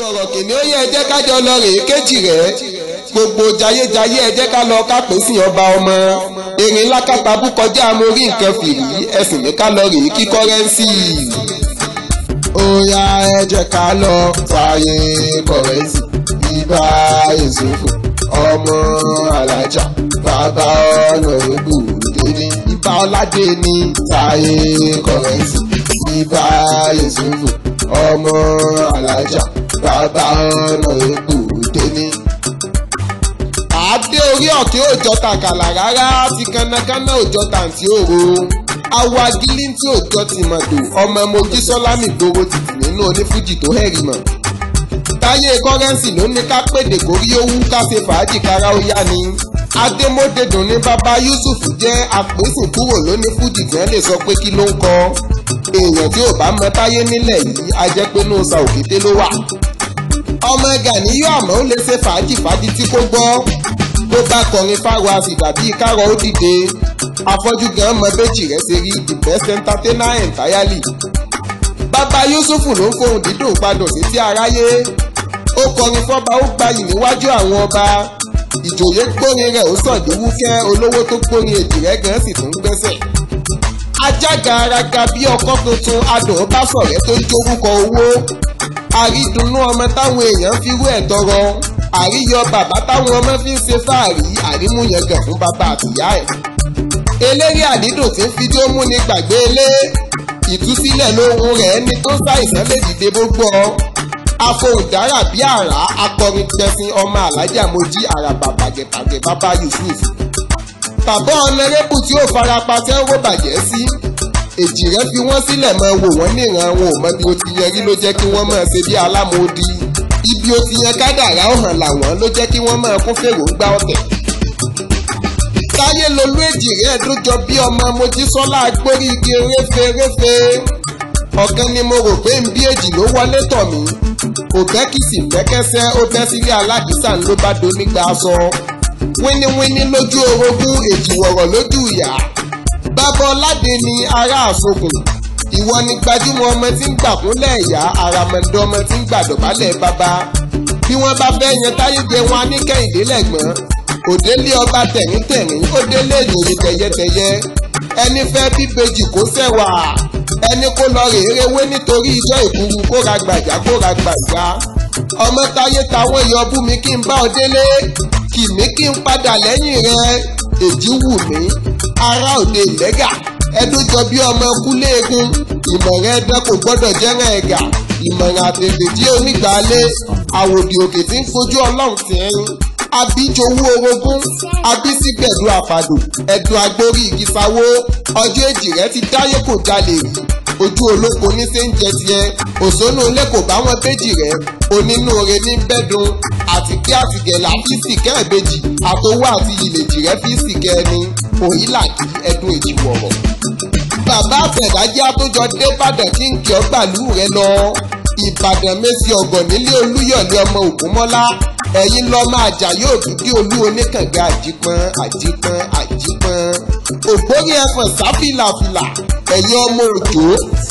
bọ̀rọ̀ kìnìún ó yẹ ẹ jẹ́ kájọ lọ rèé kéjì rẹ̀ gbogbo jayéjayé ẹ jẹ́ ká lọ kápẹ́ sí ọba ọmọ erin lákàtàbù kọjá amórí nǹkan fìrí ẹ̀sìn ní ká lọ rèé kíkọ́rẹ́ńsì. ó yá ẹ jẹ́ ká lọ fààyè kọ̀rẹ́ńsì bíbá ìsòfò ọmọ alájà bàbá ọ̀nà ìgbòho ní ibà ọ̀làdé ní fààyè kọ̀rẹ́ńsì bíbá ìsòfò ọmọ alájà bàbá ọ̀nà egbò tóní. àdé orí ọ̀tí òjọ tàkàlà rárá ti kánákáná òjọ tàǹtí òru awa gílíǹtì òjọ tìmọ̀tò ọmọ mojísọ́lá nìgboro tìtì nínú onífújì tó hẹ̀rì mọ̀. táyé kọ́rẹ́ǹsì ló ní ká pèdè kórí owú ká ṣe fàájì kára ó yá ni adémódédùn ní bàbá yusuf jẹ́ àpèsìn kúrò lóní fújì gan lè sọ pé kí ló ń kọ́ èèyàn tí ò bá mọ táyé nílẹ̀ yìí a jẹ́ pé nóòsà òkété ló wà ọmọ Gàníyù àmọ́ ó lè ṣe fàájì fàájì tí kò gbọ́ tó bá kọrin fáwọn àsìgbà bíi kárọ̀ ó dìde afọ́jú gan mọ méjì rẹ̀ ṣe rí the best entertainer entirely. bàbá Yusufu ló ń fohùn dídùn gbádùn sí ti aráyé ó kọrin fọ́ba ó gbayì níwájú àwọn ọba ìjòyè gbórin rẹ̀ ó sàn ní wúkẹ́ olówó tó gbórin èdè rẹ̀ gan sì tún gbẹ́sẹ̀. ajága araga bí ọkọ́ tuntun adùn bá sọ̀rẹ́ tó ń jórúkọ owó àrídùnnú ọmọ táwọn èèyàn fi rú ẹ̀ tọrọ àríyọ bàbá táwọn ọmọ fi ń ṣe fáàrí àrímúyangàn fún bàbá àtìyá ẹ̀. eléré àdídùn tí ń fi tí ó múni gbàgbé ilé ìtúsílẹ̀ lóhùn rẹ̀ ẹni tó ṣàìsàn lè dìde bó gbọ́ afohùndára bíi àrá akọrin tẹfin ọmọ alájà mojí àràbà bàjẹ́bàjẹ́ bàbá Yusuf. bàbá ọ̀nẹ́rẹ́bù tí ó farapa tẹ́ ń wó bàjẹ́ sí. Si èjìrẹ́ fi wọ́n sílẹ̀ máa wò wọ́n níran wọn ò mọ bí o ti yẹ rí ló jẹ́ kí wọ́n máa ṣe bí alámòdì ibi o ti yan kádàrá ọ̀hàn làwọn ló jẹ́ kí wọ́n máa kún fèròǹgbà ọ̀tẹ̀. táyé lolú èjìrẹ́ ẹ̀dúnjọ bí ọmọ mojísọ́lá agbórí igi réferéfe ọ̀kan ni mo rò pé ń bí èjì ló wọlé tọ̀ mí òbẹ́kìsì fẹ́kẹ́sẹ́ ó bẹ́ sílé alákìsà ló bá donígbà aṣọ wíníwíní lójú orogún èjìwọ̀rọ̀ lójú ìyá Babọ́ Ládé ni ará àsokùn ìwọ ni gbajúmọ̀ ọmọ tí ń gbàkúnlẹ̀ ìyá àràmọ̀dọ́ ọmọ tí ń gbàdọ̀bálẹ̀ bàbá bí wọ́n bá fẹ́ yan táyé jẹ wọn aníkẹ́yìndé lẹ́gbọ́n òdélé ọba tẹ̀mítẹ̀mí òdélé ìròyìn tẹ̀yẹtẹ̀yẹ ẹni fẹ́ bíbejì kó sẹ́wà ẹni kó lọ rèé wé nítorí ijọ́ ìkúrú kóra gbàjà kóra gbàjà ọmọ táyé táwọn èèyàn bú mi kí n bá ọ délé kì mí kí n padà lẹ́yìn rẹ èjì wù mí ará òde ìlẹ́gà ẹdún jọ bí ọmọ kúlé egun ìmọ̀ràn ẹdán kò gbọ́dọ̀ jẹ́ràn ẹ̀gà ìmọ̀ràn àtẹ̀tẹ̀ tí onígbàálẹ̀ àwòdì òkè tí ń fojú ọlọ́run sí ẹyin abíjowú orogún abísígbẹ̀dú àfàdù ẹ̀dùn agbórí ìgísawó ọjọ́ èjì rẹ ti dáyé kò jalè rí ojú olóko ní séńjẹ tiẹ̀ òṣónú ilé kò bá wọn béjì rẹ̀ onínúure ní bẹ́dùn àti kí àtìgẹ̀lá fi sìkẹ́ ìbejì àtowó àti ìlèjì rẹ̀ fi sìkẹ́ ẹni òyìnlá kí ẹdún èjìwọ̀rọ̀. bàbá àtẹ̀dájẹ́ àtòjọ dé bàdàn kí n kí ọ gbàlú rẹ lọ ìbàdàn mẹ́sì ọ̀gàn nílé olúyọ̀lé ọmọ ògúnmọ́lá ẹ̀yin lọ máa jà yóò dúdú olú oníkànga àjípọ́n àjípọ́n àjípọ́n ògbóni ẹ̀fọ̀n sáfìlàfìlà ẹ̀yin ọmọ òjò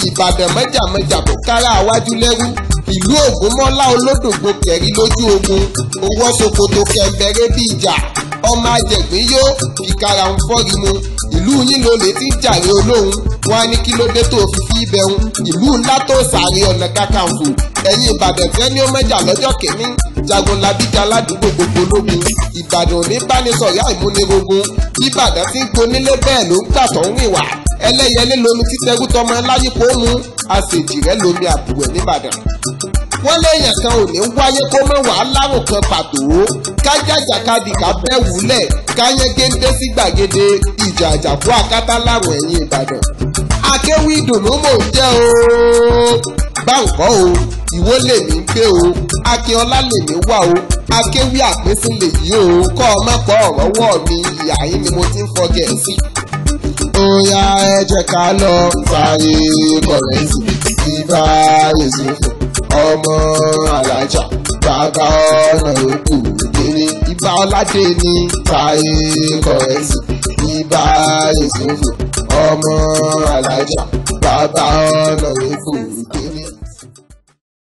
ìbàdàn mọ́jàmọ́jà tó kára àwájú lẹ́rú ìlú ògúnmọ́lá olódògbò kẹ̀rí lójú ogun owó sokoto kẹ̀mbẹ̀rẹ̀ bíi ìjà ọmọ àjẹ̀gbín yó ìkara ń fọ́rimu ìlú yín ló lè ti jàre olóhùn wọn á ní kí ló dé tó fi sí ibẹ̀ hun ìlú ńlá tó sàárè ọ̀nà kakanfò ẹ̀yìn ìbàdàn tí wọ́n ní ó mẹ́jà lọ́jọ́ kẹ́mí jagunlabi ti aládùúgbò gbogbo lógun ìbàdàn ní bánisọ̀rọ̀ àìmúnirogun ìbàdàn ti ń gbonílé bẹ́ẹ̀ ló ń gbà tó ń rìnwá ẹlẹ́yẹlé lomi títẹ́rú tọmọ láyípo mu àṣejì rẹ̀ lomi àbúrò níbàdàn wọ́n lẹ́yìn kan ò ní wáyé kó mọ̀ wá láwùn pàtó ká jàjàkadì bẹ́ wúlẹ̀ ká géńdé sí gbàgede ìjà àjàkú àkátá láwùn ẹ̀yìn Ìbàdàn. akéwì dùnú mò ń jẹ́ o báńkọ́ o ìwó lèmi ń gbé o akínọlá lèmi wà o akéwì àpínsí lèyí o kọ́ ọ mọ́pọ̀ ọ̀rọ̀ wọ̀ mi ìyá yín ni mo ti ń fọ gẹ̀ẹ́sì. Oya ẹ jẹ́ ká lọ fàyè kọ̀rẹ́sì ìbá Yusuf ọmọ alájà bàbá ọ̀nà òkú òjèrè ibà ọládé ní táyé kọ̀ẹ́sì ibà yèsùfù ọmọ alájà bàbá ọ̀nà òkú òjèrè.